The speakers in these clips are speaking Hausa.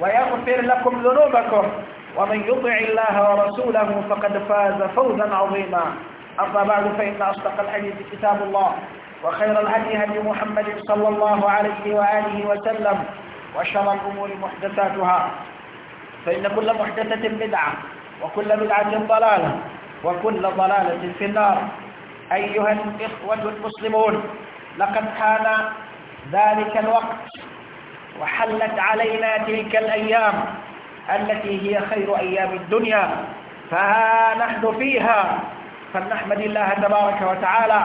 ويغفر لكم ذنوبكم ومن يطع الله ورسوله فقد فاز فوزا عظيما أما بعد فإن أصدق الحديث كتاب الله وخير الهدي هدي محمد صلى الله عليه وآله وسلم وشر الأمور محدثاتها فإن كل محدثة بدعة وكل بدعة ضلالة وكل ضلالة في النار أيها الإخوة المسلمون لقد حان ذلك الوقت وحلت علينا تلك الأيام التي هي خير أيام الدنيا فها نحن فيها فلنحمد الله تبارك وتعالى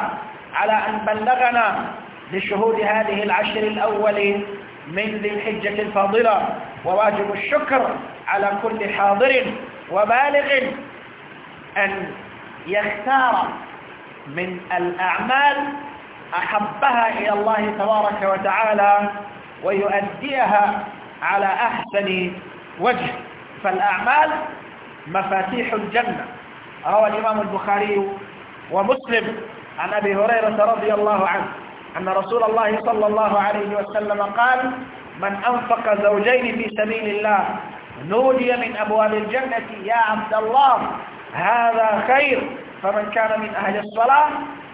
على أن بلغنا لشهود هذه العشر الأول من ذي الحجة الفاضلة وواجب الشكر على كل حاضر وبالغ أن يختار من الأعمال أحبها إلى الله تبارك وتعالى ويؤديها على أحسن وجه فالأعمال مفاتيح الجنة روى الإمام البخاري ومسلم عن أبي هريرة رضي الله عنه أن رسول الله صلى الله عليه وسلم قال من أنفق زوجين في سبيل الله نودي من أبواب الجنة يا عبد الله هذا خير فمن كان من أهل الصلاة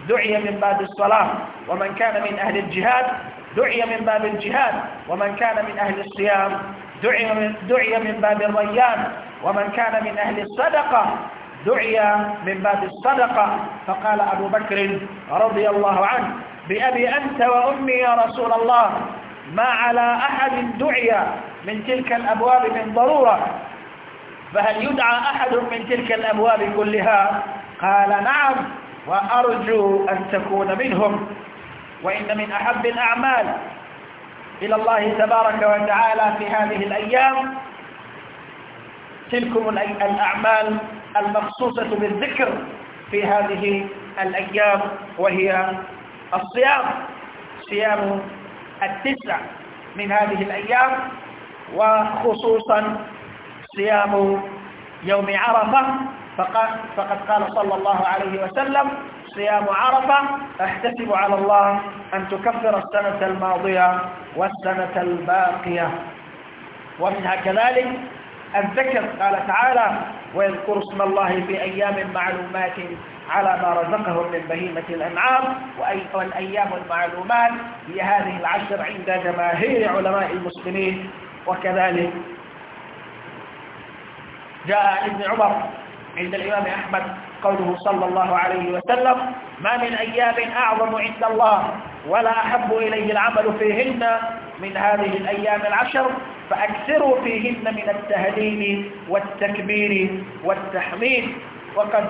دعي من بعد الصلاة ومن كان من أهل الجهاد دعي من باب الجهاد ومن كان من أهل الصيام دعي من, دعي من باب الريان ومن كان من أهل الصدقة دعي من باب الصدقة فقال أبو بكر رضي الله عنه بأبي أنت وأمي يا رسول الله ما على أحد دعي من تلك الأبواب من ضرورة فهل يدعى أحد من تلك الأبواب كلها قال نعم وأرجو أن تكون منهم وإن من أحب الأعمال إلى الله تبارك وتعالى في هذه الأيام تلكم الأعمال المخصوصة بالذكر في هذه الأيام وهي الصيام صيام التسع من هذه الأيام وخصوصا صيام يوم عرفة فقد قال صلى الله عليه وسلم صيام عرفة أحتسب على الله أن تكفر السنة الماضية والسنة الباقية ومنها كذلك الذكر قال تعالى ويذكر اسم الله في أيام معلومات على ما رزقهم من بهيمة الأنعام والأيام المعلومات هي هذه العشر عند جماهير علماء المسلمين وكذلك جاء ابن عمر عند الإمام أحمد قوله صلى الله عليه وسلم ما من أيام أعظم عند الله ولا أحب إليه العمل فيهن من هذه الأيام العشر فأكثروا فيهن من التهليل والتكبير والتحميد وقد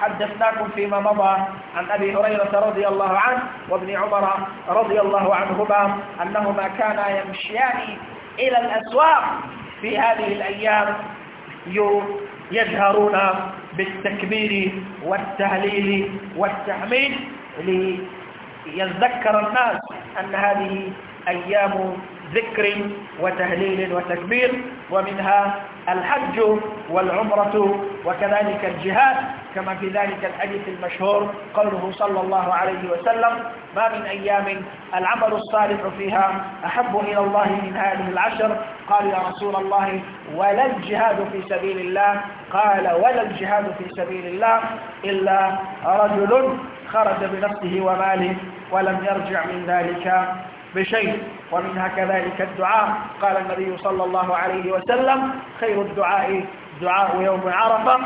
حدثناكم فيما مضى عن أبي هريرة رضي الله عنه وابن عمر رضي الله عنهما أنهما كانا يمشيان إلى الأسواق في هذه الأيام يجهرون بالتكبير والتهليل والتحميد ليذكر الناس أن هذه أيام ذكر وتهليل وتكبير ومنها الحج والعمرة وكذلك الجهاد كما في ذلك الحديث المشهور قوله صلى الله عليه وسلم ما من أيام العمل الصالح فيها أحب إلى الله من هذه العشر قال يا رسول الله ولا الجهاد في سبيل الله قال ولا الجهاد في سبيل الله إلا رجل خرج بنفسه وماله ولم يرجع من ذلك بشيء ومنها كذلك الدعاء قال النبي صلى الله عليه وسلم خير الدعاء دعاء يوم عرفة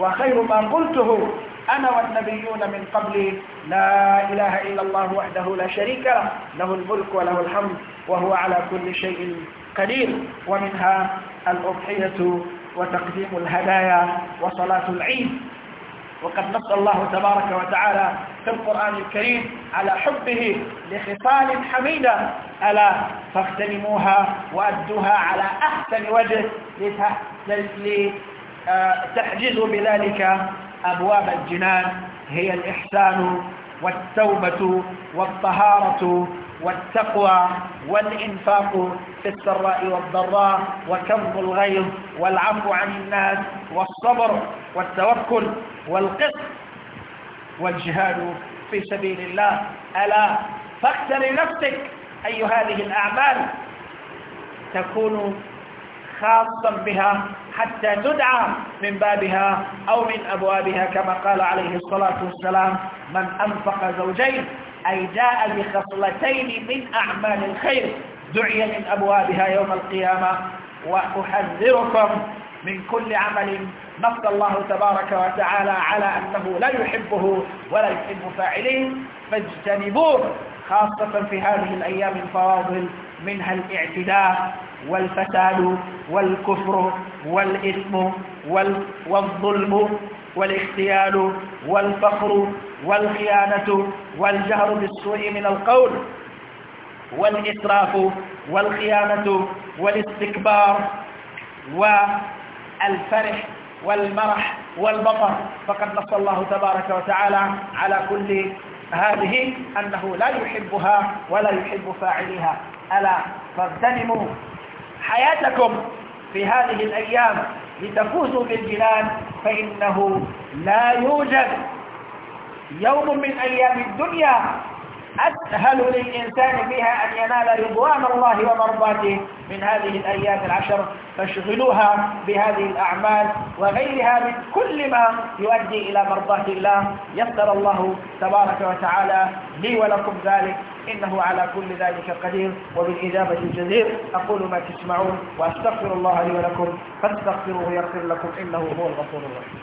وخير ما قلته أنا والنبيون من قبلي لا إله إلا الله وحده لا شريك له له الملك وله الحمد وهو على كل شيء قدير ومنها الأضحية وتقديم الهدايا وصلاة العيد وقد نص الله تبارك وتعالى في القرآن الكريم على حبه لخصال حميدة ألا فاغتنموها وأدوها على أحسن وجه لتحجزوا بذلك أبواب الجنان هي الإحسان والتوبة والطهارة والتقوى والإنفاق في السراء والضراء وكظم الغيظ والعفو عن الناس والصبر والتوكل والقسط والجهاد في سبيل الله ألا فاختر نفسك أي هذه الأعمال تكون خاصا بها حتى تدعى من بابها أو من أبوابها كما قال عليه الصلاة والسلام من أنفق زوجين أي جاء بخصلتين من أعمال الخير دعي من أبوابها يوم القيامة وأحذركم من كل عمل نص الله تبارك وتعالى على أنه لا يحبه ولا يحب فاعليه فاجتنبوه خاصة في هذه الأيام الفواضل منها الاعتداء والفساد والكفر والإثم والظلم والاختيال والفقر والخيانة والجهر بالسوء من القول والإسراف والخيانة والاستكبار والفرح والمرح والبطر فقد نص الله تبارك وتعالى على كل هذه أنه لا يحبها ولا يحب فاعلها ألا فاغتنموا حياتكم في هذه الأيام لتفوزوا بالجنان فإنه لا يوجد يوم من أيام الدنيا أسهل للإنسان فيها أن ينال رضوان الله ومرضاته من هذه الأيام العشر فاشغلوها بهذه الأعمال وغيرها من كل ما يؤدي إلى مرضاة الله يسر الله تبارك وتعالى لي ولكم ذلك إنه على كل ذلك قدير وبالإجابة الجزير أقول ما تسمعون وأستغفر الله لي ولكم فاستغفروه يغفر لكم إنه هو الغفور الرحيم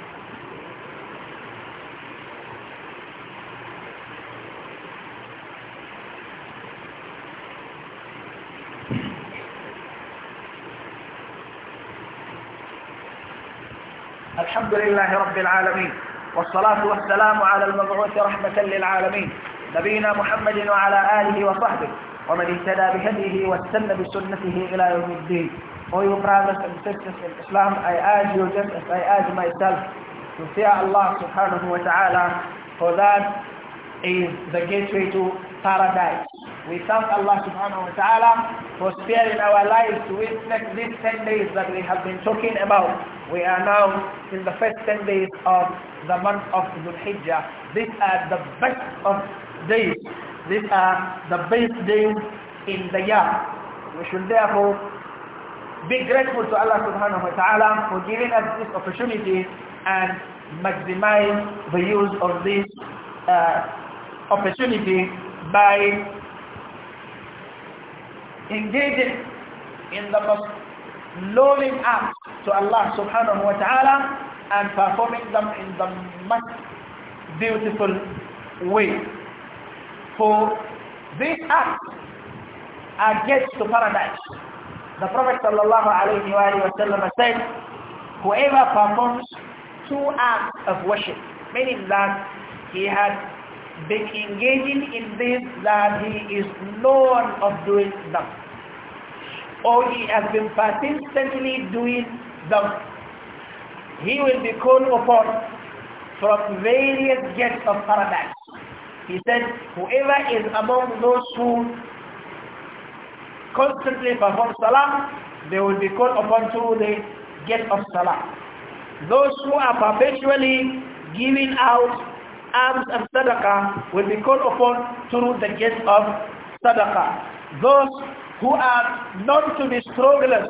الحمد لله رب العالمين والصلاة والسلام على المبعوث رحمة للعالمين نبينا محمد وعلى آله وصحبه ومن اهتدى بهديه واستنى بسنته إلى يوم الدين For you brothers and sisters in Islam, I urge you just as I urge myself to fear Allah subhanahu wa ta'ala for that is the gateway to paradise. We thank Allah subhanahu wa ta'ala for sparing our lives to witness these 10 days that we have been talking about. We are now in the first 10 days of the month of Dhul Hijjah. These are the best of days. These are the best days in the year. We should therefore be grateful to Allah subhanahu wa ta'ala for giving us this opportunity and maximize the use of this uh, opportunity by engaging in the most loving acts to Allah subhanahu wa ta'ala and performing them in the most beautiful way for this act are gates to paradise. The Prophet ﷺ said, whoever performs two acts of worship, meaning that he has been engaging in this that he is known of doing them. Or he has been persistently doing them. He will be called upon from various gates of paradise. He said, whoever is among those who constantly perform salah, they will be called upon to the gate of salah. Those who are perpetually giving out alms and sadaqah will be called upon through the gate of sadaqah. Those who are not to be strugglers,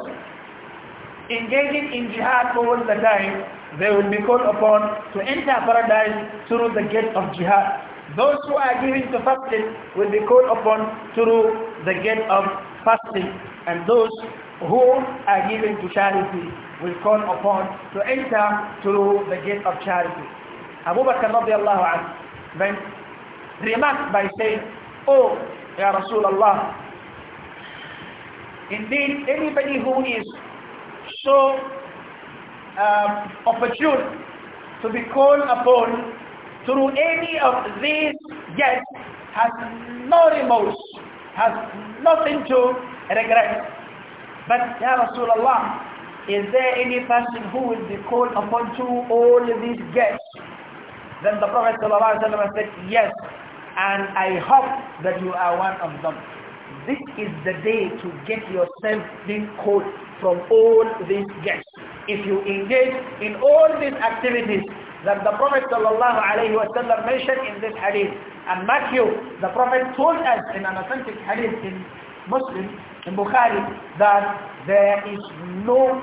engaging in jihad all the time, they will be called upon to enter paradise through the gate of jihad. Those who are given to fasting will be called upon through the gate of fasting. And those who are given to charity will call upon to enter through the gate of charity. Abu Bakr radiallahu anhu then remarked by saying, Oh, Ya Rasulullah, indeed anybody who is so um, opportune to be called upon through any of these yet has no remorse, has nothing to regret. But Ya Rasulullah, is there any person who will be called upon to all these guests? Then the Prophet said, yes, and I hope that you are one of them. This is the day to get yourself being called from all these guests. If you engage in all these activities, that the Prophet ﷺ mentioned in this hadith. And Matthew, the Prophet told us in an authentic hadith in Muslim, in Bukhari, that there is no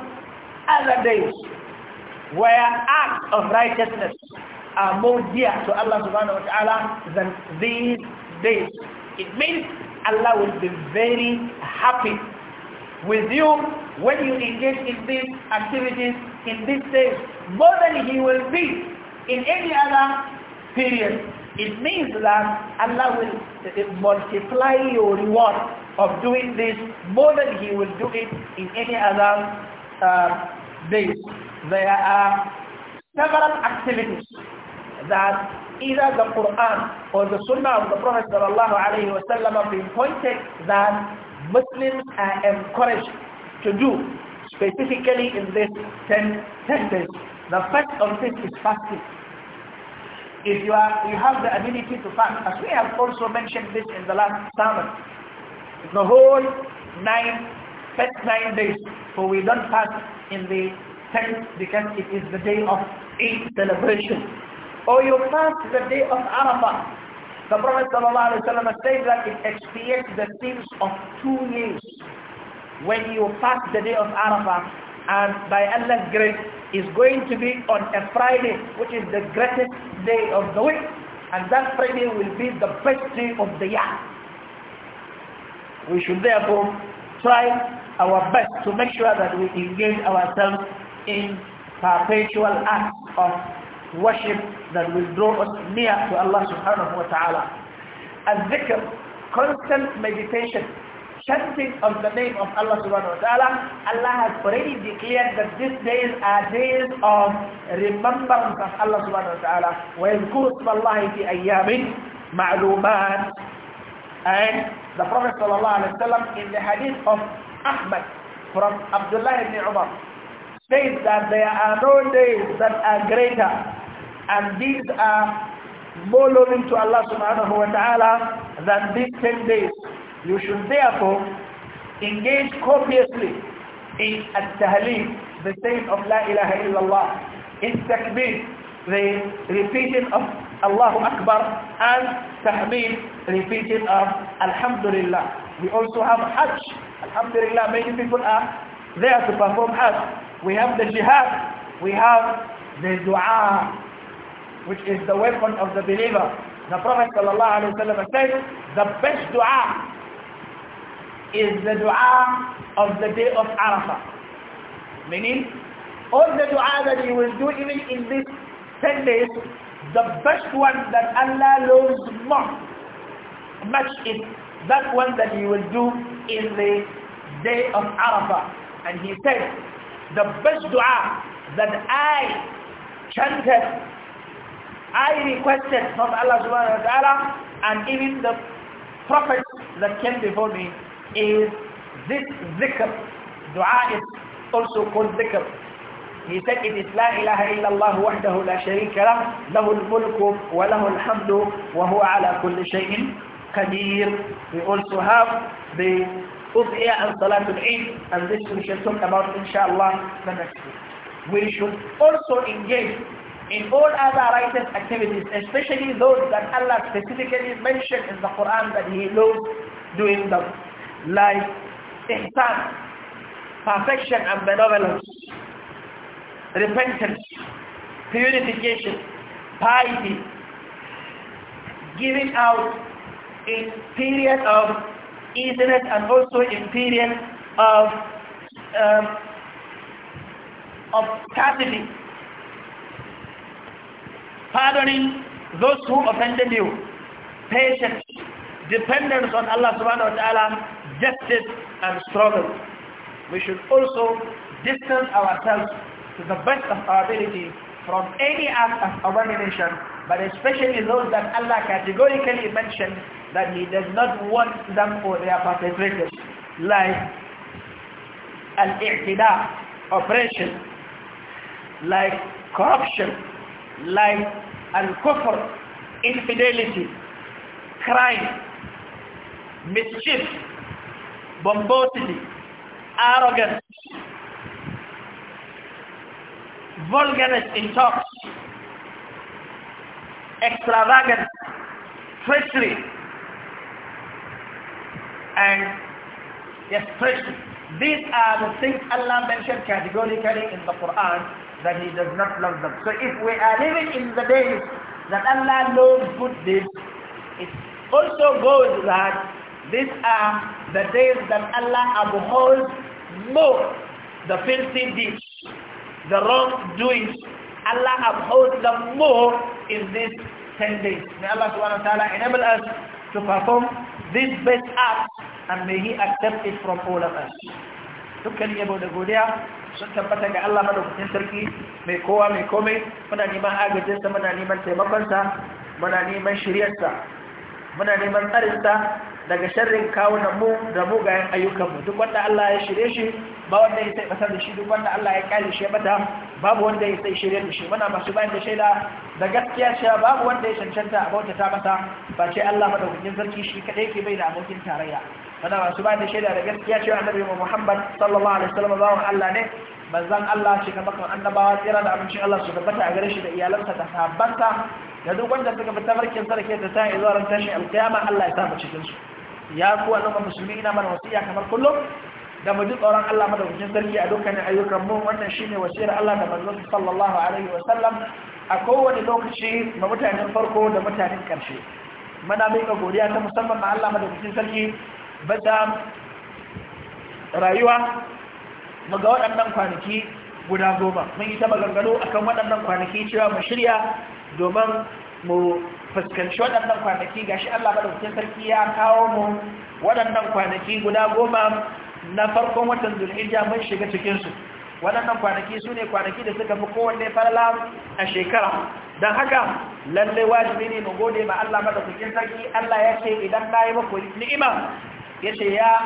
other days where acts of righteousness are more dear to Allah subhanahu wa ta'ala than these days. It means Allah will be very happy with you when you engage in these activities in this stage more than he will be in any other period. It means that Allah will eh, eh, multiply your reward of doing this more than he will do it in any other uh, days. There are several activities that either the Quran or the Sunnah of the Prophet ﷺ pointed that Muslims are encouraged to do specifically in this 10, 10 days. The first of this is fasting. If you, are, you have the ability to fast, as we have also mentioned this in the last sermon, the whole nine, first nine days, for so we don't fast in the 10th because it is the day of Eid celebration or oh, you fast the day of Arafah. The Prophet ﷺ said that it expiates the sins of two years. When you fast the day of Arafah, and by Allah's grace, is going to be on a Friday, which is the greatest day of the week. And that Friday will be the best day of the year. We should therefore try our best to make sure that we engage ourselves in perpetual acts of worship that will draw us near to Allah subhanahu wa ta'ala. And dhikr, constant meditation, chanting of the name of Allah subhanahu wa ta'ala, Allah has already declared that these days are days of remembrance of Allah subhanahu wa ta'ala. وَيَذْكُرُ اسْمَ اللَّهِ فِي أَيَّامٍ مَعْلُومَاتٍ And the Prophet sallallahu alayhi wa sallam in the hadith of Ahmad from Abdullah ibn Umar says that there are no days that are greater and these are more loving to Allah subhanahu wa ta'ala than these 10 days. You should therefore engage copiously in at-tahleem, the saying of La ilaha illallah, in takbir, the repeating of Allahu Akbar, and tahmeen, repeating of Alhamdulillah. We also have Hajj. Alhamdulillah, many people are there to perform Hajj. We have the jihad. We have the dua, which is the weapon of the believer. The Prophet ﷺ said, the best dua is the dua of the day of Arafah. Meaning, all the dua that you will do even in these 10 days, the best one that Allah loves most, much is that one that you will do in the day of Arafah. And he said, the best dua that I chanted, I requested from Allah subhanahu wa ta'ala and even the prophet that came before me is this zikr. Dua is also called zikr. He said it is لا إله إلا الله وحده لا شريك له له الملك hamdu wa huwa ala kulli shayin qadir. We also have the Udhiyah and Salatul Eid, and this we shall talk about inshallah the next week. We should also engage in all other righteous activities, especially those that Allah specifically mentioned in the Quran that He loves doing them, like ihsan, perfection and benevolence, repentance, purification, piety, giving out in period of Ethernet and also imperial of um, of scarcity, pardoning those who offended you, patience, dependence on Allah subhanahu wa ta'ala, justice and struggle. We should also distance ourselves to the best of our ability from any act of abomination, but especially those that Allah categorically mentioned that he does not want them for their perpetrators like al-i'tida oppression like corruption like al-kufr infidelity crime mischief bombosity arrogance vulgarness in talks extravagance treachery and expression. These are the things Allah mentioned categorically in the Quran that He does not love them. So if we are living in the days that Allah loves good deeds, it also goes that these are the days that Allah abhors more the filthy deeds, the wrong doings. Allah abhors them more in these 10 days. May Allah subhanahu wa ta'ala enable us to perform this best act and may He accept it from all of us. Dukkan yabo da godiya sun tabbata ga Allah madaukakin sarki mai kowa mai komai muna neman agajinsa muna neman taimakonsa muna neman shiryarsa muna neman tsarinsa daga sharrin kawunan mu da mugayen ayyukanmu duk wanda Allah ya shirye shi ba wanda ya sai da shi duk wanda Allah ya kyale shi mata babu wanda ya sai shirye da shi muna masu bayan da shaida da gaskiya cewa babu wanda ya cancanta a bauta ta mata ba ce Allah madaukakin sarki shi kadai ke bai da abokin tarayya muna masu bayan da shaida da gaskiya cewa annabi Muhammad sallallahu alaihi wasallam bawan Allah ne manzon Allah shi kamar annabawa tsira da abincin Allah su tabbata a gare shi da iyalansa da sahabbansa da duk wanda suka fita barkin sarki da ta yi zuwa ran tashin alkiyama Allah ya sa mu cikin su ya ku annabawa musulmi ina mana wasiya kamar kullum da mu ji tsoron Allah madaukakin sarki a dukkanin ayyukan mu wannan shine wasiyar Allah da manzon sallallahu alaihi wa sallam a kowane lokaci ma mutanen farko da mutanen karshe muna miƙa godiya ta musamman ma Allah madaukakin sarki bada rayuwa mu ga waɗannan kwanaki guda goma mun yi ta maganganu akan waɗannan kwanaki cewa mu shirya domin mu fuskanci waɗannan kwanaki gashi Allah madaukakin sarki ya kawo mu waɗannan kwanaki guda goma na farkon watan zulhijja mun shiga cikinsu waɗannan kwanaki su ne kwanaki da suka fi kowanne falala a shekara don haka lalle wajibi ne mu gode ma Allah madaukakin sarki Allah ya ce idan na yi maku ni'ima ya ce ya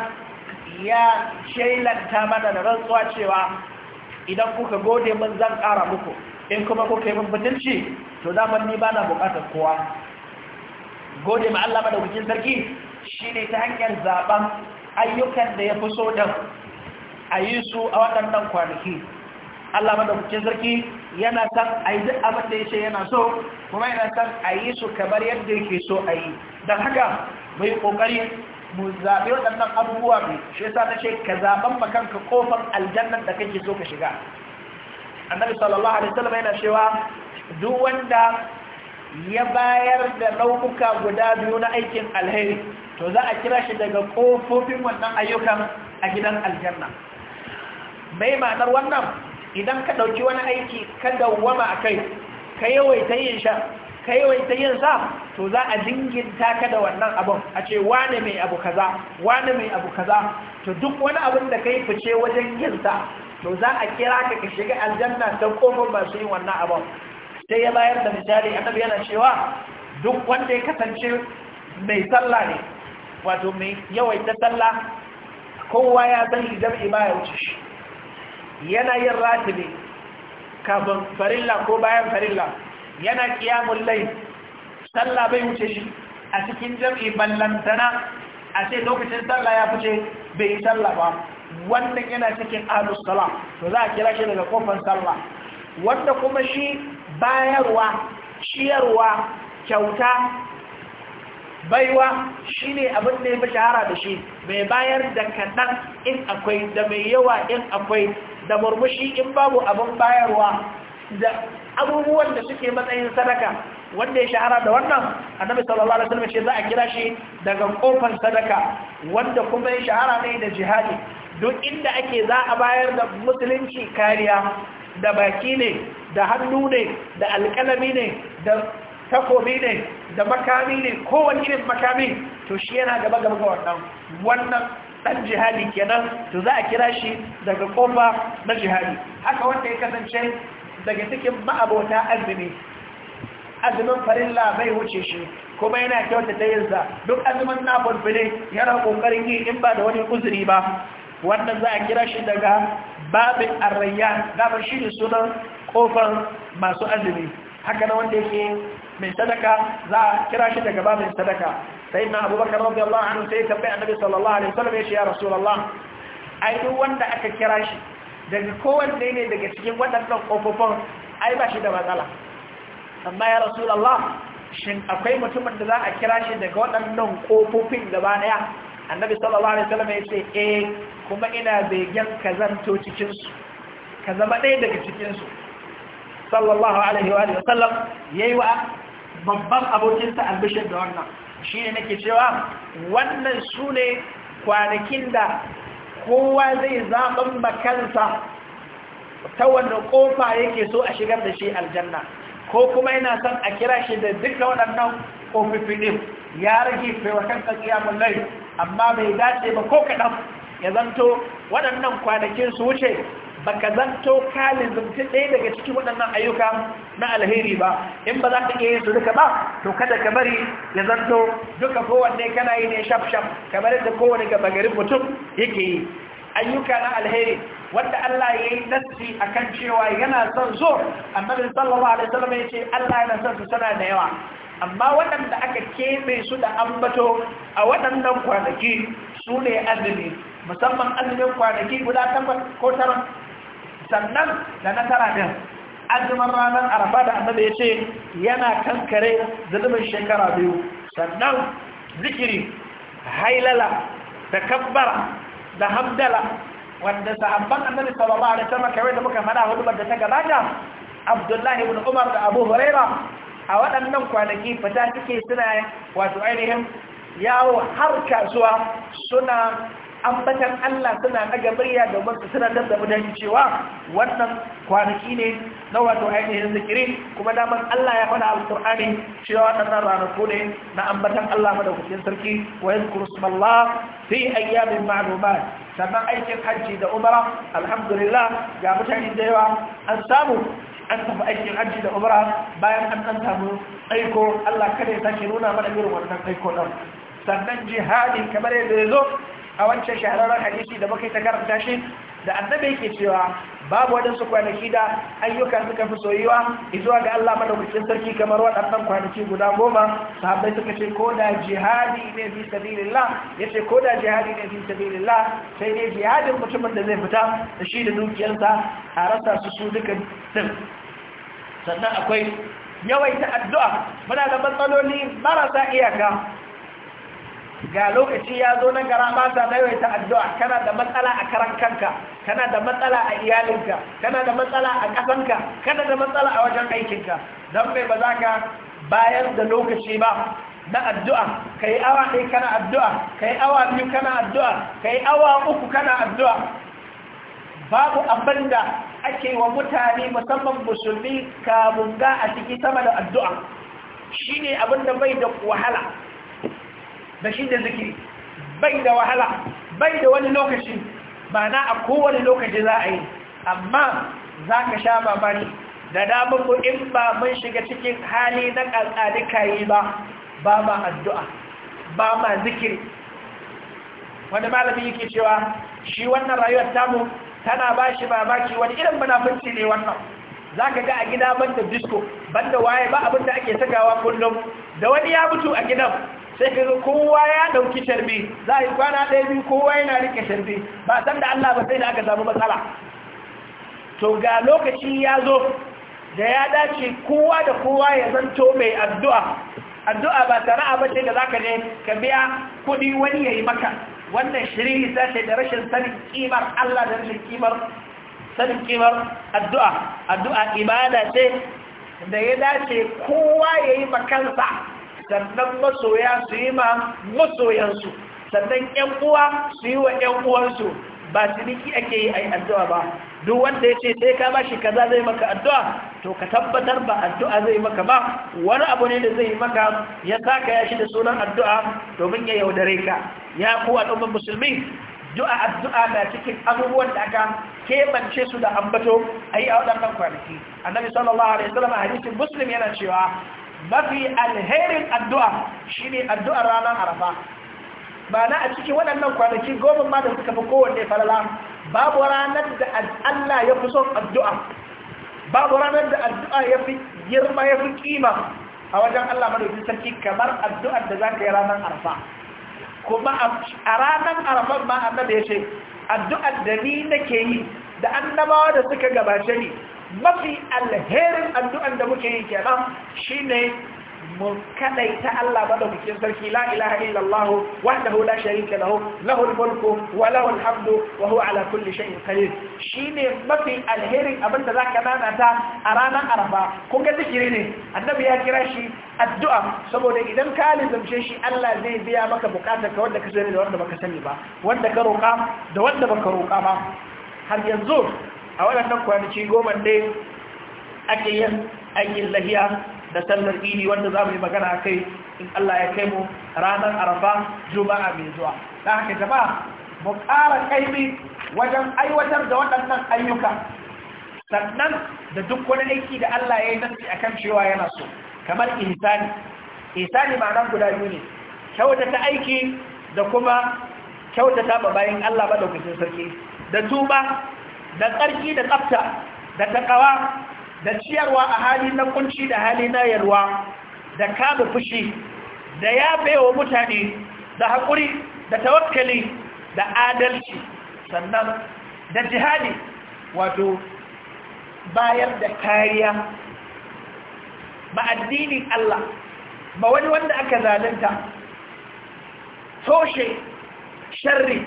ya shailanta mana da rantsuwa cewa idan kuka gode mun zan ƙara muku in kuma kuka yi mun mutunci to daman ni ba na buƙatar kowa gode ma Allah madaukakin sarki shine ta hanyar zaɓen ayyukan da ya fi so da a yi su a waɗannan kwanaki Allah madaukakin sarki yana san a yi duk abin da ya ce yana so kuma yana san a yi su kamar yadda yake so a yi don haka mai ƙoƙari mu zaɓi waɗannan abubuwa mai shi yasa na ce ka zaɓen makanka ƙofar aljannan da kake so ka shiga annabi sallallahu alaihi wasallam yana cewa duk wanda ya bayar da nau'uka guda biyu na aikin alheri to za a kira shi daga kofofin wannan ayyukan a gidan aljanna mai ma'anar wannan idan ka ɗauki wani aiki ka dawwama a kai ka yawaita yin sha ka yawaita yin sa to za a jinginta ka da wannan abun a ce wane mai abu kaza wane mai abu kaza to duk wani abun da ka yi fice wajen yin sa to za a kira ka ka shiga aljanna ta kofar masu yin wannan abun sai ya bayar da misali annabi yana cewa duk wanda ya kasance mai sallah ne wato mai yawaita sallah kowa ya san jam'i ba ya wuce shi yana yin ne kafin farilla ko bayan farilla yana kiyamun lai sallah bai wuce shi a cikin jam'i ballantana a ce lokacin sallah ya fice bai yi sallah ba wannan yana cikin ahlus to za a kira shi daga kofar sallah wanda kuma shi bayarwa ciyarwa kyauta baiwa shine ne abin da ya shahara da shi mai bayar da kaɗan in akwai da mai yawa in akwai da murmushi in babu abin bayarwa da abubuwan da suke matsayin sadaka wanda ya shahara da wannan annabi sallallahu alaihi wasallam ce za a kira shi daga kofar sadaka wanda kuma ya shahara ne da jihadi duk inda ake za a bayar da musulunci kariya da baki ne da hannu ne da alƙalami ne da takobi ne da makami ne kowane irin makami to shi yana gaba gaba ga wannan wannan dan jihadi kenan to za a kira shi daga kofa na jihadi haka wanda ya kasance daga cikin ma'abota azumi azumin farilla bai wuce shi kuma yana kyauta ta yinsa duk azumin na fulfile yana kokarin yi in ba da wani uzuri ba wannan za a kira shi daga babin arrayya dama shi ne sunan kofar masu azumi haka na wanda yake mai sadaka za a kira shi daga babin sadaka sai na abubakar rabbi Allah anu sai tambayi annabi sallallahu alaihi wasallam ya ce ya rasulullah ai duk wanda aka kira shi daga kowanne ne daga cikin waɗannan kofofin ai ba shi da matsala amma ya rasulullah shin akwai mutumin da za a kira shi daga waɗannan kofofin gaba daya annabi sallallahu alaihi wasallam ya ce eh kuma ina begen ka zanto cikin su ka zama ɗaya daga cikin su sallallahu alaihi wa sallam yayi wa babban abokin sa albishir da wannan shine nake cewa wannan sune kwanakin da kowa zai zaban makansa ta wanda kofa yake so a shigar da shi aljanna ko kuma yana son a kira shi da duka waɗannan kofifi ya rage fewa kanka kiyamun lai amma bai dace ba ko kaɗan ya zanto waɗannan kwanakin su wuce ba ka zanto kalin lizimci ɗaya daga cikin waɗannan ayyuka na alheri ba in ba za ka iya yin su duka ba to kada ka bari ya zanto duka kowanne kana yi ne shaf kamar yadda kowane gaba garin mutum yake yi ayyuka na alheri wanda Allah ya yi nassi a kan cewa yana son so amma sallallahu alaihi wasallam ya ce Allah yana son su sana da yawa amma waɗanda aka keɓe su da ambato a waɗannan kwanaki su ne azumi musamman azumin kwanaki guda takwas ko tara sannan da na tara ɗin azumin ranar arafa da annabi ya ce yana kankare zunubin shekara biyu sannan zikiri hailala da kabbara da hamdala wanda sahabban annabi sallallahu alaihi wasallam kawai da muka fada hudu da ta gabata Abdullahi ibn Umar da Abu Huraira a waɗannan kwanaki fita suke suna wato ainihin yawo har kasuwa suna ambatan Allah suna daga murya domin su suna da cewa wannan kwanaki ne na wato ainihin zikiri kuma damar Allah ya faɗa alƙur'ani cewa waɗannan ranaku ne na ambatan Allah madaukakin sarki wa yadhkuru smallah fi ayyamin ma'lumat sannan aikin hajji da umara alhamdulillah ga mutane da yawa an samu an tafi aikin hajji da umra bayan an ɗan samu aiko Allah kada ya sake nuna mana irin wannan aiko ɗan sannan jihadi kamar yadda ya zo a wancan shahararren hadisi da muka yi ta karanta shi da annabi yake cewa babu wadansu kwanaki da ayyuka suka fi soyuwa izuwa ga Allah madaukakin sarki kamar waɗannan kwanaki guda goma sahabbai suka ce ko da jihadi ne fi sabilillah yace ko da jihadi ne fi sabilillah sai dai jihadin mutumin da zai fita da shi da dukiyarsa a rasa su su duka din sannan akwai yawaita addu'a muna da matsaloli marasa iyaka ga lokaci ya zo na gara mata yawaita addu'a kana da matsala a karan kanka kana da matsala a iyalinka kana da matsala a ƙasanka kana da matsala a wajen aikinka don mai ba za ka bayar da lokaci ba na addu'a ka yi awa ɗaya kana addu'a ka yi awa biyu kana addu'a ka yi awa uku kana addu'a babu abin da ake wa mutane musamman musulmi ga a ciki sama da addu'a shi ne abin da bai da wahala da shi da zikiri bai da wahala bai da wani lokaci ba na a kowane lokaci za a yi amma za ka sha babani. da ku in ba mun shiga cikin hali na ƙalƙalika kayi ba ba ma addu'a ba ma zikiri wani malami yake cewa shi wannan rayuwar tamu tana ba shi mamaki wani irin munafunci ne wannan za ka ga a gida banda disco banda waye ba abinda da ake sakawa kullum da wani ya mutu a gidan sai ka kowa ya ɗauki sharbi za a yi kwana ɗaya biyu kowa yana rike sharbi ba san da Allah ba sai da aka samu matsala to ga lokaci ya zo da ya dace kowa da kowa ya zanto mai addu'a addu'a ba sana'a ba ce da za ka je ka biya kuɗi wani ya yi maka wannan shiriri ta ce da rashin sanin kimar Allah da rashin kimar sanin kimar addu'a addu'a ibada ce da ya dace kowa ya yi makansa sannan masoya su yi ma masoyansu sannan ‘yan uwa su yi wa ‘yan ba su niki ake yi a yi addu'a ba duk wanda ya ce sai ka ba shi kaza zai maka addu'a to ka tabbatar ba addu'a zai maka ba wani abu ne da zai maka ya saka ya shi da sunan addu'a domin ya yaudare ka ya ku al'ummar musulmi du'a addu'a na cikin abubuwan da aka kebance su da ambato A yi a waɗannan kwanaki annabi sallallahu alaihi wasallam a hadisin muslim yana cewa mafi alherin addu'a shine addu'ar ranar arafa ba na a cikin waɗannan kwanaki goma ma da suka fi kowanne falala babu ranar da Allah ya fi son addu'a babu ranar da addu'a ya fi girma ya fi kima a wajen Allah madaukin sarki kamar addu'ar da za ka yi ranar arfa kuma a ranar arfan ma annabi ya ce addu'ar da ni nake yi da annabawa da suka gabace ni mafi alherin addu'ar da muke yi kenan shine mu kadai ta Allah madaukakin sarki la ilaha illallah wahdahu la sharika lahu lahul mulku wa lahul hamdu wa huwa ala kulli shay'in qadir shine mafi alherin abinda zaka nana ta a ranar araba. kun ga zikiri ne annabi ya kira shi addu'a saboda idan ka lizamce shi Allah zai biya maka bukatar ka wanda ka sani da wanda baka sani ba wanda ka roƙa da wanda baka roka ba har yanzu a waɗannan kwanaki goma ne ake yin ayin lahiya da sallar idi wanda za mu yi magana a kai in Allah ya kai mu ranar arafa juma'a mai zuwa da haka jama mu ƙara kaimi wajen aiwatar da waɗannan ayyuka sannan da duk wani aiki da Allah ya yi nasi a kan cewa yana so kamar ihsani ihsani ma'anar guda biyu ne kyautata aiki da kuma kyautata ba bayan Allah ba da sarki da tuba da tsarki da tsafta da taƙawa da ciyarwa a hali na kunci da hali na yarwa da kama fushi da ya baiwa mutane da haƙuri da tawakkali da adalci sannan da jihadi wato bayar da kariya ba addinin Allah ba wani wanda aka zalunta toshe sharri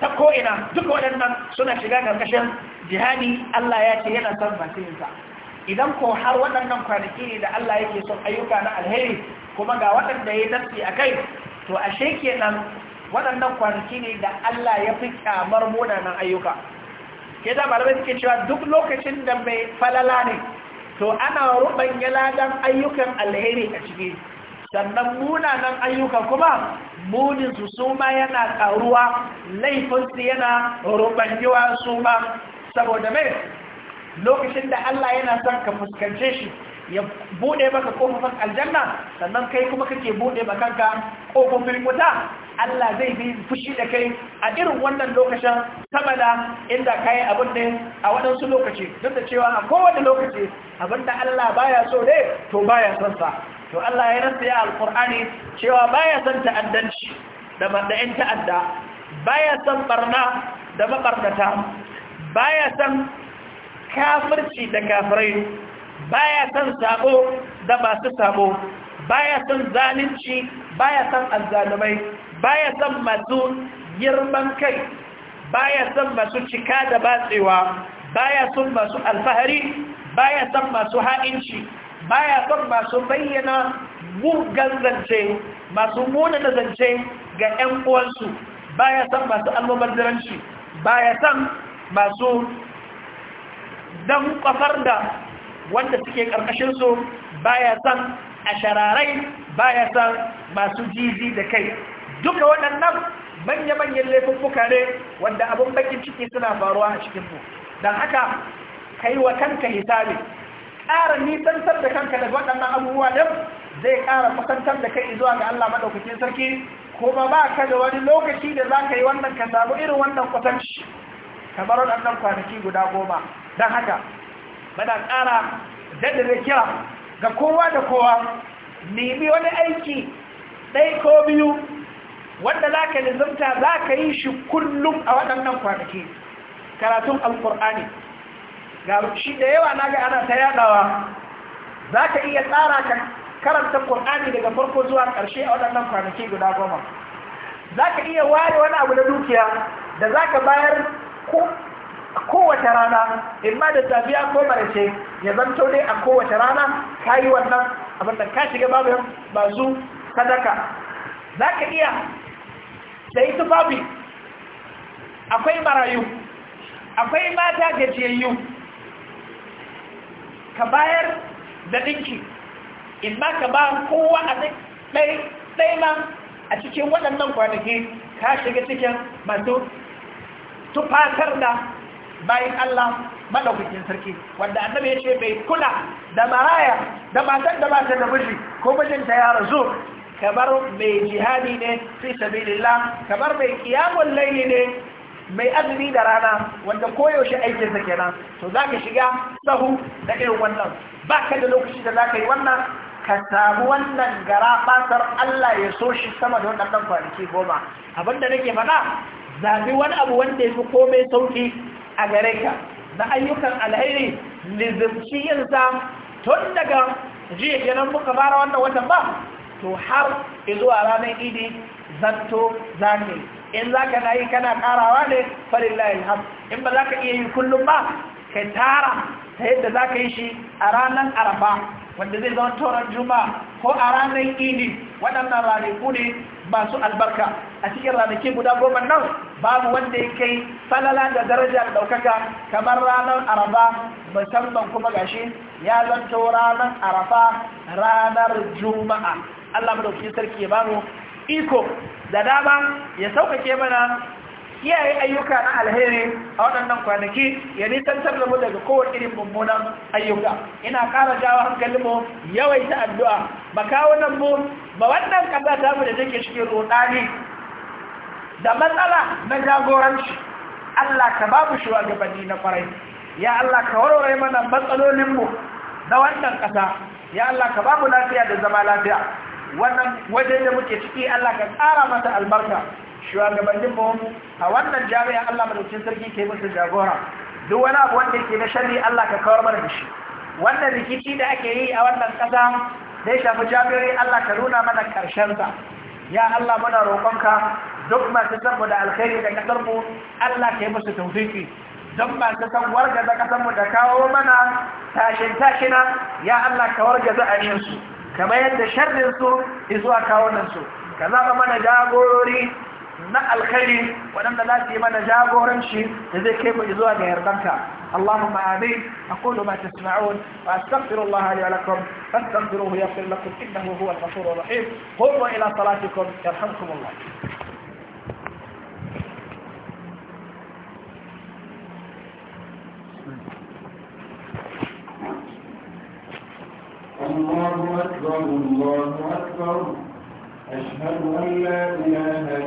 ta ko'ina duk waɗannan suna shiga ƙarƙashin jihadi Allah ya ce yana son batinsa idan ko har waɗannan kwanaki ne da Allah yake son ayyuka na alheri kuma ga waɗanda ya yi dafi a kai to ashe nan waɗannan kwanaki ne da Allah ya fi kyamar munanan ayyuka ke da malamai suke cewa duk lokacin da mai falala ne to ana ruɓanya ladan ayyukan alheri a ciki sannan munanan ayyuka kuma muninsu su ma yana ƙaruwa laifinsu yana rubanyewa su ma saboda mai lokacin da Allah yana son ka fuskance shi ya bude maka kofofin aljanna sannan kai kuma kake bude maka kanka kofofin wuta Allah zai bi fushi da kai a irin wannan lokacin sama inda kai abin ne a waɗansu lokaci duk da cewa a kowane lokaci abin da Allah baya so ne to baya son sa to Allah ya rantsa ya alqur'ani cewa baya son ta'addanci da mada'in ta'adda baya son barna da mabarnata baya son kafirci da kafirai baya son sabo da masu sabo baya son zalunci baya son azzalumai baya son masu girman kai baya son masu cika da batsewa baya son masu alfahari baya son masu ha'inci baya son masu bayyana mugan zance masu da zance ga 'yan uwansu baya son masu almubazzaranci baya son masu don kwafar da wanda suke ƙarƙashin su baya san ashararai baya san masu jiji da kai duka waɗannan manya-manyan laifuffuka ne wanda abin bakin ciki suna faruwa a cikinmu don haka kai wa kanka hisabi ƙara nisantar da kanka da waɗannan abubuwa da zai ƙara kusantar da kai zuwa ga Allah maɗaukacin sarki kuma ba ka da wani lokaci da za ka yi wannan ka samu irin wannan kusanci kamar waɗannan kwanaki guda goma don haka kara ƙara da kira ga kowa da kowa nemi wani aiki ɗai ko biyu wanda za ka nizamta za ka yi shi kullum a waɗannan kwanaki karatun alƙur'ani ga shi da yawa na ga ana ta yadawa, za ka iya tsara ka karanta ƙur'ani daga farko zuwa ƙarshe a waɗannan kwanaki guda goma za ka iya ware wani abu na dukiya da za ka bayar ko a kowace rana in ma da tafiya ko marace ya zanto dai a kowace rana ka yi wannan abin da ka shiga babu masu sadaka za ka iya sai tufafi akwai marayu akwai mata gajiyayyu ka bayar da ɗinki in ma ka ba kowa a ma a cikin waɗannan kwanaki ka shiga cikin masu tufatar da bayan Allah madaukakin sarki wanda annabi ya ce bai kula da maraya da matan da ba ta da miji ko mijinta ya razu kamar mai jihadi ne fi sabilillah kamar mai kiyamun laini ne mai azumi da rana wanda koyaushe aikinsa kenan to za shiga sahu da irin wannan ba ka da lokaci da za ka yi wannan ka samu wannan gara fatar Allah ya so shi sama da wannan kwanaki goma abinda nake faɗa zaɓi wani abu wanda ya fi komai sauki a gare ka na ayyukan alheri lizimciyinsa tun daga jiya kenan muka fara wannan watan ba to har zuwa ranar idi zato za ka in za ka na yi kana karawa ne farin layin ham in ba za ka iya yi kullum ba ka tara ta yadda za ka yi shi a ranar arba wanda zai zama toron juma'a ko a ranar idi waɗannan ranaku ne masu albarka a cikin ranakin guda goma nan babu wanda ya kai falala da darajar daukaka ɗaukaka kamar ranar araba musamman kuma gashi ya zanto ranar arafa ranar juma'a Allah madauki sarki ya bamu iko da dama ya sauƙaƙe mana kiyaye ayyuka na alheri a waɗannan kwanaki ya nisantar da mu daga kowane irin mummunan ayyuka ina ƙara jawo hankalin mu yawaita addu'a ba kawo nan mu ba wannan ƙasa ta mu da take cikin rudani da matsala na jagoranci Allah ka babu shugabanni na farai. ya Allah ka warware mana matsalolin na wannan ƙasa ya Allah ka babu lafiya da zama lafiya wannan waje da muke ciki Allah ka ƙara masa albarka shugabannin mu a wannan jami'a Allah madaukakin sarki ke musu jagora duk wani abu wanda yake na sharri Allah ka kawar mana da shi wannan rikici da ake yi a wannan ƙasa da ya shafi jami'o'i Allah ka nuna mana karshen sa ya Allah muna roƙonka duk masu san mu da alkhairi da kasar mu Allah ka yi musu tawfiki don masu san wargaza kasar mu da kawo mana tashin tashina ya Allah ka wargaza aniyarsu kamar yadda sharrin su zuwa kawo nan su ka zama mana jagorori na alkhairi waɗanda za su yi mana jagoranci da zai kai mu zuwa ga yardanka Allahumma amin aqulu ma tasma'un wa astaghfirullaha li wa lakum fastaghfiruhu yaghfir lakum innahu huwa huwal ghafurur rahim qumu ila salatikum yarhamkumullah الله أكبر الله أكبر أشهد أن لا إله إلا